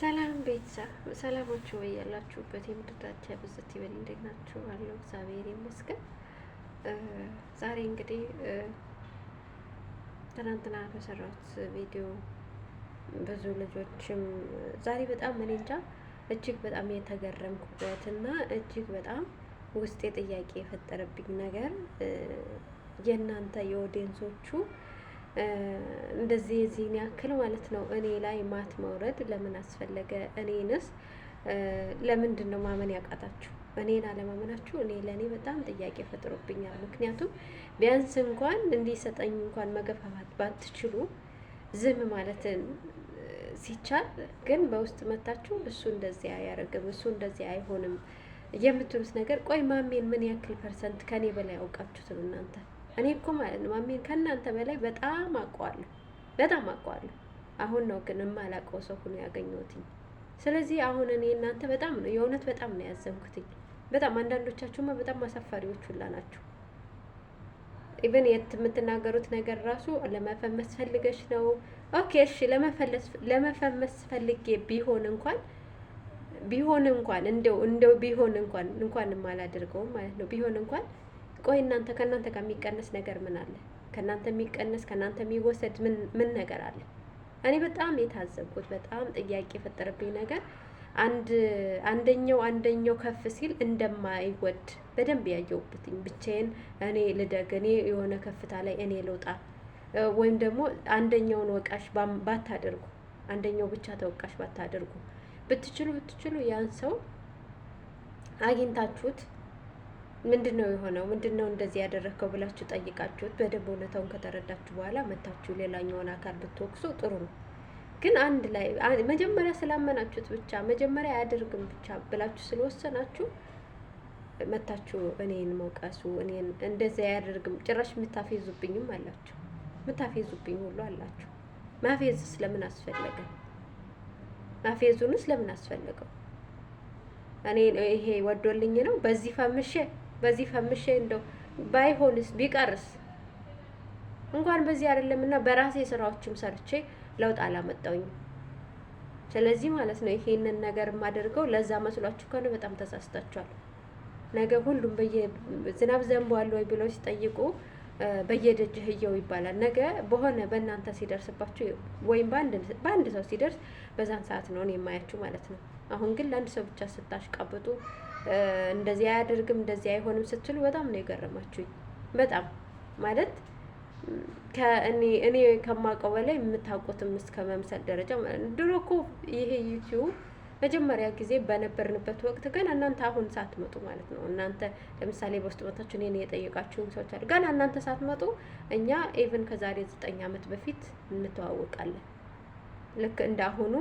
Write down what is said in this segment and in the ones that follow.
ሰላም ቤተሰብ ሰላማችሁ ወይ ያላችሁበት የምድርዳቻ ብዝት ይበል። እንዴት ናችሁ? አለው እግዚአብሔር ይመስገን። ዛሬ እንግዲህ ትናንትና በሰራሁት ቪዲዮ ብዙ ልጆችም ዛሬ በጣም እኔ እንጃ እጅግ በጣም የተገረምኩበት እና እጅግ በጣም ውስጤ ጥያቄ የፈጠረብኝ ነገር የእናንተ የኦዲየንሶቹ እንደዚህ የዚህን ያክል ማለት ነው እኔ ላይ ማት መውረድ ለምን አስፈለገ? እኔንስ ለምንድን ነው ማመን ያቃታችሁ? እኔን አለማመናችሁ እኔ ለእኔ በጣም ጥያቄ ፈጥሮብኛል። ምክንያቱም ቢያንስ እንኳን እንዲሰጠኝ እንኳን መገፋፋት ባትችሉ ዝም ማለትን ሲቻል ግን በውስጥ መታችሁ እሱ እንደዚህ አያደርግም፣ እሱ እንደዚህ አይሆንም የምትሉት ነገር ቆይ ማሜን ምን ያክል ፐርሰንት ከኔ በላይ አውቃችሁት ነው እናንተ? እኔ እኮ ማለት ነው ማሜን ከእናንተ በላይ በጣም አውቀዋለሁ፣ በጣም አውቀዋለሁ። አሁን ነው ግን የማላውቀው ሰው ሆኖ ያገኘሁትኝ። ስለዚህ አሁን እኔ እናንተ በጣም ነው የእውነት በጣም ነው ያዘንኩትኝ። በጣም አንዳንዶቻችሁማ በጣም አሳፋሪዎች ሁላ ናችሁ። ኢቨን የት የምትናገሩት ነገር ራሱ ለመፈመስ ፈልገሽ ነው። ኦኬ እሺ፣ ለመፈመስ ፈልጌ ቢሆን እንኳን ቢሆን እንኳን እንደው እንደው ቢሆን እንኳን እንኳን የማላደርገውም ማለት ነው ቢሆን እንኳን ቆይ እናንተ ከእናንተ ጋር የሚቀነስ ነገር ምን አለ? ከእናንተ የሚቀነስ ከእናንተ የሚወሰድ ምን ነገር አለ? እኔ በጣም የታዘብኩት በጣም ጥያቄ የፈጠረብኝ ነገር አንድ አንደኛው አንደኛው ከፍ ሲል እንደማይወድ በደንብ ያየውብትኝ። ብቻዬን እኔ ልደግ፣ እኔ የሆነ ከፍታ ላይ እኔ ልውጣ፣ ወይም ደግሞ አንደኛውን ወቃሽ ባታደርጉ፣ አንደኛው ብቻ ተወቃሽ ባታደርጉ፣ ብትችሉ ብትችሉ ያን ሰው አግኝታችሁት ምንድን ነው የሆነው? ምንድን ነው እንደዚህ ያደረግከው ብላችሁ ጠይቃችሁት በደንብ እውነታውን ከተረዳችሁ በኋላ መታችሁ ሌላኛውን አካል ብትወቅሱ ጥሩ ነው። ግን አንድ ላይ መጀመሪያ ስላመናችሁት ብቻ መጀመሪያ አያደርግም ብቻ ብላችሁ ስለወሰናችሁ መታችሁ እኔን መውቀሱ እኔን እንደዚህ አያደርግም ጭራሽ የምታፌዙብኝም አላችሁ። የምታፌዙብኝ ሁሉ አላችሁ። ማፌዝ ስለምን አስፈለገ? ማፌዙንስ ለምን አስፈለገው? እኔ ይሄ ወዶልኝ ነው በዚህ ፈምሼ በዚህ ፈምሼ እንደው ባይሆንስ ቢቀርስ እንኳን በዚህ አይደለም እና በራሴ ስራዎችም ሰርቼ ለውጥ አላመጣውኝ። ስለዚህ ማለት ነው ይሄንን ነገር የማደርገው ለዛ መስሏችሁ ከሆነ በጣም ተሳስታችኋል። ነገ ሁሉም በየ ዝናብ ዘንቧል ወይ ብለው ሲጠይቁ በየደጅህ እየው ይባላል። ነገ በሆነ በእናንተ ሲደርስባችሁ ወይም በአንድ ሰው ሲደርስ በዛን ሰዓት ነው እኔ የማያችሁ ማለት ነው። አሁን ግን ለአንድ ሰው ብቻ ስታሽቃብጡ እንደዚህ አያደርግም እንደዚህ አይሆንም ስትሉ በጣም ነው የገረማችሁኝ። በጣም ማለት ከእኔ እኔ ከማውቀው በላይ የምታውቁትም እስከ መምሰል ደረጃ ድሮ እኮ ይሄ ዩቲዩብ መጀመሪያ ጊዜ በነበርንበት ወቅት ግን እናንተ አሁን ሳትመጡ ማለት ነው። እናንተ ለምሳሌ በውስጥ መታችሁ እኔን የጠየቃችሁን ሰዎች አሉ። ገና እናንተ ሳትመጡ እኛ ኢቭን ከዛሬ ዘጠኝ ዓመት በፊት እንተዋወቃለን ልክ እንዳአሁኑ።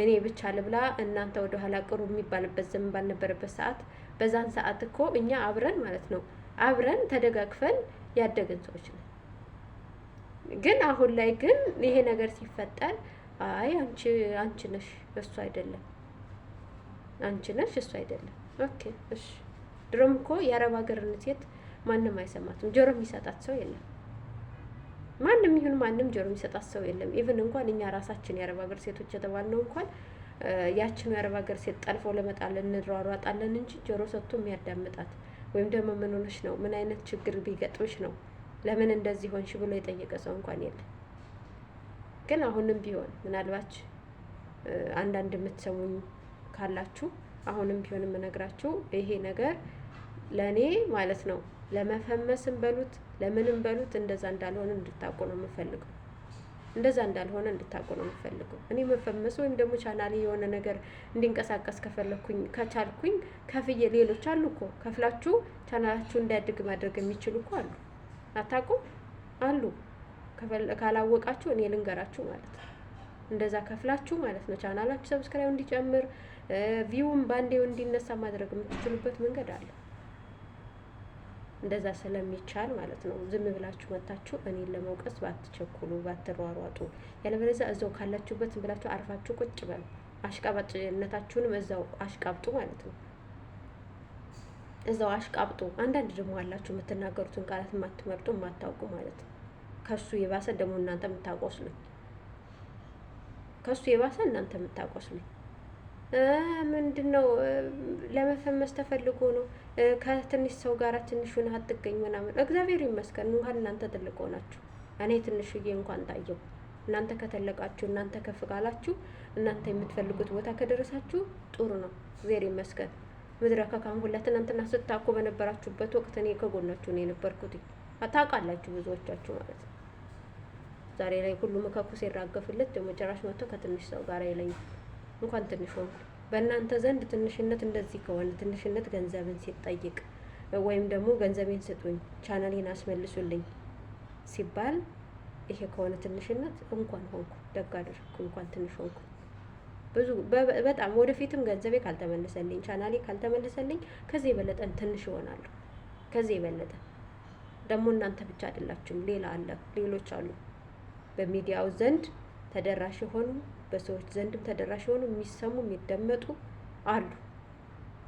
እኔ ብቻ ልብላ እናንተ ወደ ኋላ ቅሩ የሚባልበት ዘመን ባልነበረበት ሰዓት በዛን ሰዓት እኮ እኛ አብረን ማለት ነው አብረን ተደጋግፈን ያደግን ሰዎች ነው። ግን አሁን ላይ ግን ይሄ ነገር ሲፈጠር አይ አንቺ አንቺ ነሽ እሱ አይደለም፣ አንቺ ነሽ እሱ አይደለም። ኦኬ እሺ። ድሮም እኮ የአረብ ሀገርን ሴት ማንም አይሰማትም፣ ጆሮ የሚሰጣት ሰው የለም። ማንም ይሁን ማንም ጆሮ የሚሰጣት ሰው የለም። ኢቭን እንኳን እኛ ራሳችን የአረብ ሀገር ሴቶች የተባልነው እንኳን ያችን የአረብ ሀገር ሴት ጠልፈው ለመጣለን እንሯሯጣለን እንጂ ጆሮ ሰጥቶ የሚያዳምጣት ወይም ደግሞ ምን ሆነሽ ነው፣ ምን አይነት ችግር ቢገጥምሽ ነው፣ ለምን እንደዚህ ሆንሽ ብሎ የጠየቀ ሰው እንኳን የለም። ግን አሁንም ቢሆን ምናልባች አንዳንድ የምትሰሙኝ ካላችሁ አሁንም ቢሆን የምነግራችሁ ይሄ ነገር ለእኔ ማለት ነው ለመፈመስም በሉት ለምንም በሉት እንደዛ እንዳልሆነ እንድታቁ ነው የምፈልገው። እንደዛ እንዳልሆነ እንድታቁ ነው የምፈልገው። እኔ መፈመስ ወይም ደግሞ ቻናሌ የሆነ ነገር እንዲንቀሳቀስ ከፈለኩኝ ከቻልኩኝ ከፍዬ ሌሎች አሉ እኮ ከፍላችሁ ቻናላችሁ እንዳያድግ ማድረግ የሚችሉ እኮ አሉ። አታውቁም አሉ። ካላወቃችሁ እኔ ልንገራችሁ ማለት ነው። እንደዛ ከፍላችሁ ማለት ነው ቻናላችሁ ሰብስክራይብ እንዲጨምር ቪውም ባንዴው እንዲነሳ ማድረግ የምትችሉበት መንገድ አለ። እንደዛ ስለሚቻል ማለት ነው። ዝም ብላችሁ መታችሁ እኔን ለመውቀስ ባትቸኩሉ፣ ባትሯሯጡ ያለበለዚያ እዛው ካላችሁበት ብላችሁ አርፋችሁ ቁጭ በሉ። አሽቃባጭነታችሁንም እዛው አሽቃብጡ ማለት ነው። እዛው አሽቃብጡ። አንዳንድ ደግሞ አላችሁ የምትናገሩትን ቃላት የማትመርጡ የማታውቁ ማለት ነው። ከሱ የባሰ ደግሞ እናንተ የምታቆስሉኝ፣ ከሱ የባሰ እናንተ የምታቆስሉኝ ምንድን ነው? ለመፈመስ ተፈልጎ ነው። ከትንሽ ሰው ጋር ትንሹን አትገኝ ምናምን። እግዚአብሔር ይመስገን እንኳን እናንተ ትልቅ ሆናችሁ፣ እኔ ትንሽዬ እንኳን ታየው። እናንተ ከተለቃችሁ፣ እናንተ ከፍ ካላችሁ፣ እናንተ የምትፈልጉት ቦታ ከደረሳችሁ ጥሩ ነው። እግዚአብሔር ይመስገን። ምድረ ከካም ሁላ ትናንትና ስታኩ በነበራችሁበት ወቅት እኔ ከጎናችሁ ነው የነበርኩት። ታውቃላችሁ ብዙዎቻችሁ ማለት ነው። ዛሬ ላይ ሁሉም ከኩስ ይራገፍለት ደግሞ ጭራሽ መጥቶ ከትንሽ ሰው ጋር አይለኝም። እንኳን ትንሽ ሆንኩ። በእናንተ ዘንድ ትንሽነት እንደዚህ ከሆነ ትንሽነት ገንዘብን ሲጠይቅ ወይም ደግሞ ገንዘቤን ስጡኝ፣ ቻናሌን አስመልሱልኝ ሲባል ይሄ ከሆነ ትንሽነት እንኳን ሆንኩ ደግ አደረኩ፣ እንኳን ትንሽ ሆንኩ። ብዙ በጣም ወደፊትም ገንዘቤ ካልተመለሰልኝ፣ ቻናሌ ካልተመለሰልኝ ከዚህ የበለጠን ትንሽ ይሆናሉ ከዚህ የበለጠ ደግሞ እናንተ ብቻ አይደላችሁም፣ ሌላ አለ፣ ሌሎች አሉ በሚዲያው ዘንድ ተደራሽ የሆኑ በሰዎች ዘንድም ተደራሽ የሆኑ የሚሰሙ የሚደመጡ አሉ።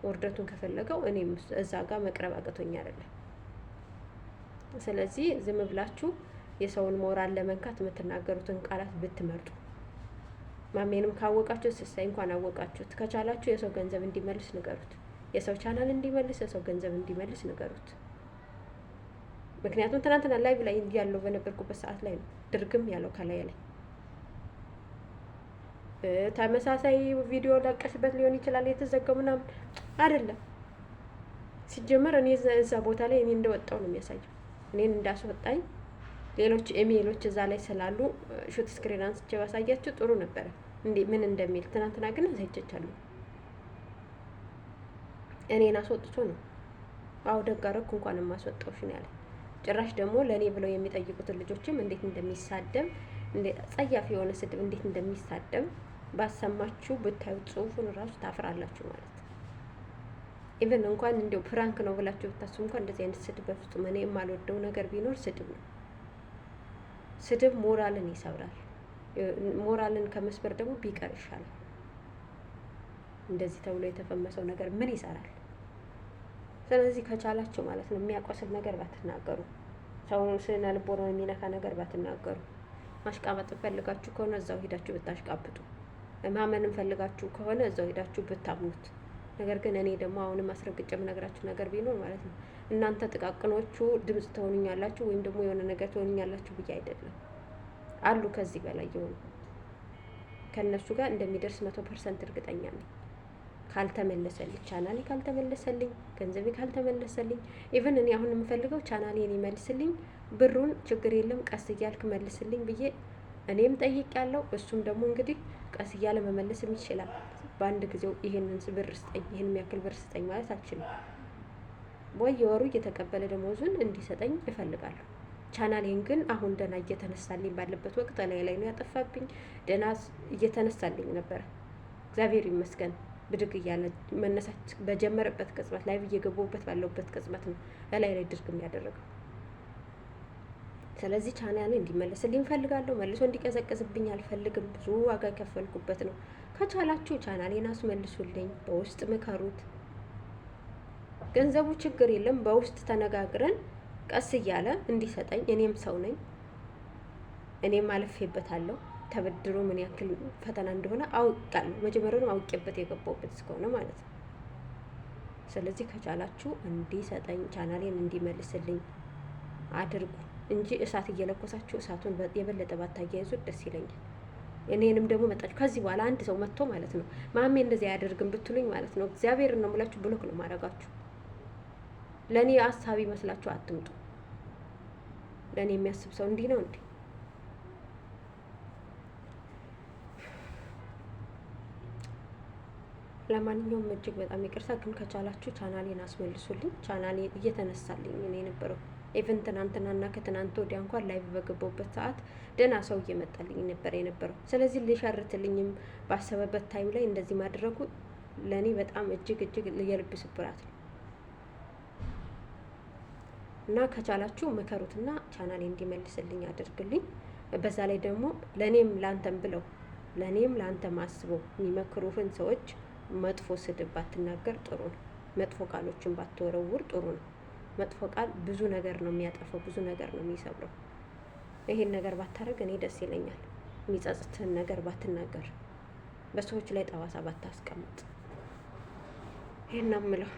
ውርደቱን ከፈለገው እኔ እዛ ጋር መቅረብ አቅቶኝ አይደለም። ስለዚህ ዝም ብላችሁ የሰውን ሞራል ለመንካት የምትናገሩትን ቃላት ብትመርጡ ማሜንም ካወቃችሁት ስሳይ እንኳን አወቃችሁት። ከቻላችሁ የሰው ገንዘብ እንዲመልስ ንገሩት። የሰው ቻናል እንዲመልስ፣ የሰው ገንዘብ እንዲመልስ ንገሩት። ምክንያቱም ትናንትና ላይቭ ላይ ያለው በነበርኩበት ሰዓት ላይ ነው ድርግም ያለው ከላይ ላይ ተመሳሳይ ቪዲዮ ለቀሽበት ሊሆን ይችላል የተዘገቡ ምናምን አይደለም። ሲጀመር እኔ እዛ ቦታ ላይ እኔ እንደወጣው ነው የሚያሳየው። እኔን እንዳስወጣኝ ሌሎች ኢሜሎች እዛ ላይ ስላሉ ሹት ስክሪን አንስቼ ባሳያቸው ጥሩ ነበረ። እንዴ ምን እንደሚል ትናንትና ግን አሳይቻለሁ። እኔን አስወጥቶ ነው አው ደጋረኩ እንኳን የማስወጣው ሽን ያለ ጭራሽ ደግሞ ለእኔ ብለው የሚጠይቁትን ልጆችም እንዴት እንደሚሳደብ ጸያፍ የሆነ ስድብ እንዴት እንደሚሳደብ ባሰማችሁ ብታዩት ጽሁፉን እራሱ ታፍራላችሁ ማለት ነው። ኢቨን እንኳን እንደው ፕራንክ ነው ብላችሁ ብታስቡ እንኳን እንደዚህ አይነት ስድብ በፍጹም እኔ የማልወደው ነገር ቢኖር ስድብ ነው። ስድብ ሞራልን ይሰብራል። ሞራልን ከመስበር ደግሞ ቢቀር ይሻላል። እንደዚህ ተብሎ የተፈመሰው ነገር ምን ይሰራል? ስለዚህ ከቻላችሁ ማለት ነው የሚያቆስል ነገር ባትናገሩ፣ ሰውን ስነ ልቦናውን የሚነካ ነገር ባትናገሩ። ማሽቃበጥ ፈልጋችሁ ከሆነ እዛው ሂዳችሁ ብታሽቃብጡ ማመንም ፈልጋችሁ ከሆነ እዛው ሄዳችሁ ብታምኑት። ነገር ግን እኔ ደግሞ አሁንም አስረግጬ የምነግራችሁ ነገር ቢኖር ማለት ነው እናንተ ጥቃቅኖቹ ድምጽ ትሆኑኛላችሁ ወይም ደግሞ የሆነ ነገር ትሆኑኛላችሁ ብዬ አይደለም። አሉ ከዚህ በላይ የሆኑ ከእነሱ ጋር እንደሚደርስ መቶ ፐርሰንት እርግጠኛ ነኝ። ካልተመለሰልኝ ቻናሌ ካልተመለሰልኝ ገንዘቤ ካልተመለሰልኝ ኢቨን እኔ አሁን የምፈልገው ቻናሌ ይመልስልኝ፣ ብሩን ችግር የለም ቀስ እያልክ መልስልኝ ብዬ እኔም ጠይቅ ያለው እሱም ደግሞ እንግዲህ ቀስ እያለ መመለስም ይችላል። በአንድ ጊዜው ይህንን ብር ስጠኝ፣ ይህን የሚያክል ብር ስጠኝ ማለት አልችልም። ወይ የወሩ እየተቀበለ ደሞዙን እንዲሰጠኝ እፈልጋለሁ። ቻናሌን ግን አሁን ደህና እየተነሳልኝ ባለበት ወቅት ላይ ላይ ነው ያጠፋብኝ። ደህና እየተነሳልኝ ነበረ፣ እግዚአብሔር ይመስገን። ብድግ እያለ መነሳት በጀመረበት ቅጽበት ላይ እየገቡበት ባለውበት ቅጽበት ነው እላይ ላይ ድርግም ያደረገው። ስለዚህ ቻናሌ እንዲመለስልኝ ፈልጋለሁ። መልሶ እንዲቀዘቅዝብኝ አልፈልግም። ብዙ ዋጋ የከፈልኩበት ነው። ከቻላችሁ ቻናሌን አስመልሱልኝ፣ በውስጥ ምከሩት። ገንዘቡ ችግር የለም። በውስጥ ተነጋግረን ቀስ እያለ እንዲሰጠኝ እኔም ሰው ነኝ፣ እኔም አልፌበታለሁ። ተበድሮ ምን ያክል ፈተና እንደሆነ አውቃለሁ። መጀመሪያውኑ አውቄበት የገባሁበት እስከሆነ ማለት ነው። ስለዚህ ከቻላችሁ እንዲሰጠኝ ቻናሌን እንዲመልስልኝ አድርጉ። እንጂ እሳት እየለኮሳችሁ እሳቱን የበለጠ ባታያይዙ ደስ ይለኛል። እኔንም ደግሞ መጣችሁ ከዚህ በኋላ አንድ ሰው መጥቶ ማለት ነው ማሜ እንደዚህ አያደርግም ብትሉኝ ማለት ነው እግዚአብሔር ነው ሙላችሁ ብሎክ ነው ማድረጋችሁ። ለእኔ አሳቢ መስላችሁ አትምጡ። ለእኔ የሚያስብ ሰው እንዲህ ነው እንዴ? ለማንኛውም እጅግ በጣም ይቅርታ ግን ከቻላችሁ ቻናሌን አስመልሱልኝ። ቻናሌ እየተነሳልኝ እኔ የነበረው ኢቨን ትናንትናና ከትናንት ወዲያ እንኳን ላይቭ በገባሁበት ሰዓት ደህና ሰው እየመጣልኝ ነበር የነበረው። ስለዚህ ሊሸርትልኝም ባሰበበት ታይም ላይ እንደዚህ ማድረጉ ለእኔ በጣም እጅግ እጅግ የልብ ስብራት ነው እና ከቻላችሁ ምከሩትና ቻናሌ እንዲመልስልኝ አድርግልኝ። በዛ ላይ ደግሞ ለእኔም ለአንተም ብለው ለእኔም ለአንተም አስበው የሚመክሩህን ሰዎች መጥፎ ስድብ ባትናገር ጥሩ ነው። መጥፎ ቃሎችን ባትወረውር ጥሩ ነው። መጥፎ ቃል ብዙ ነገር ነው የሚያጠፈው ብዙ ነገር ነው የሚሰብረው። ይሄን ነገር ባታደርግ እኔ ደስ ይለኛል። የሚጸጽትህን ነገር ባትናገር፣ በሰዎች ላይ ጠባሳ ባታስቀምጥ። ይህን ነው የምለው።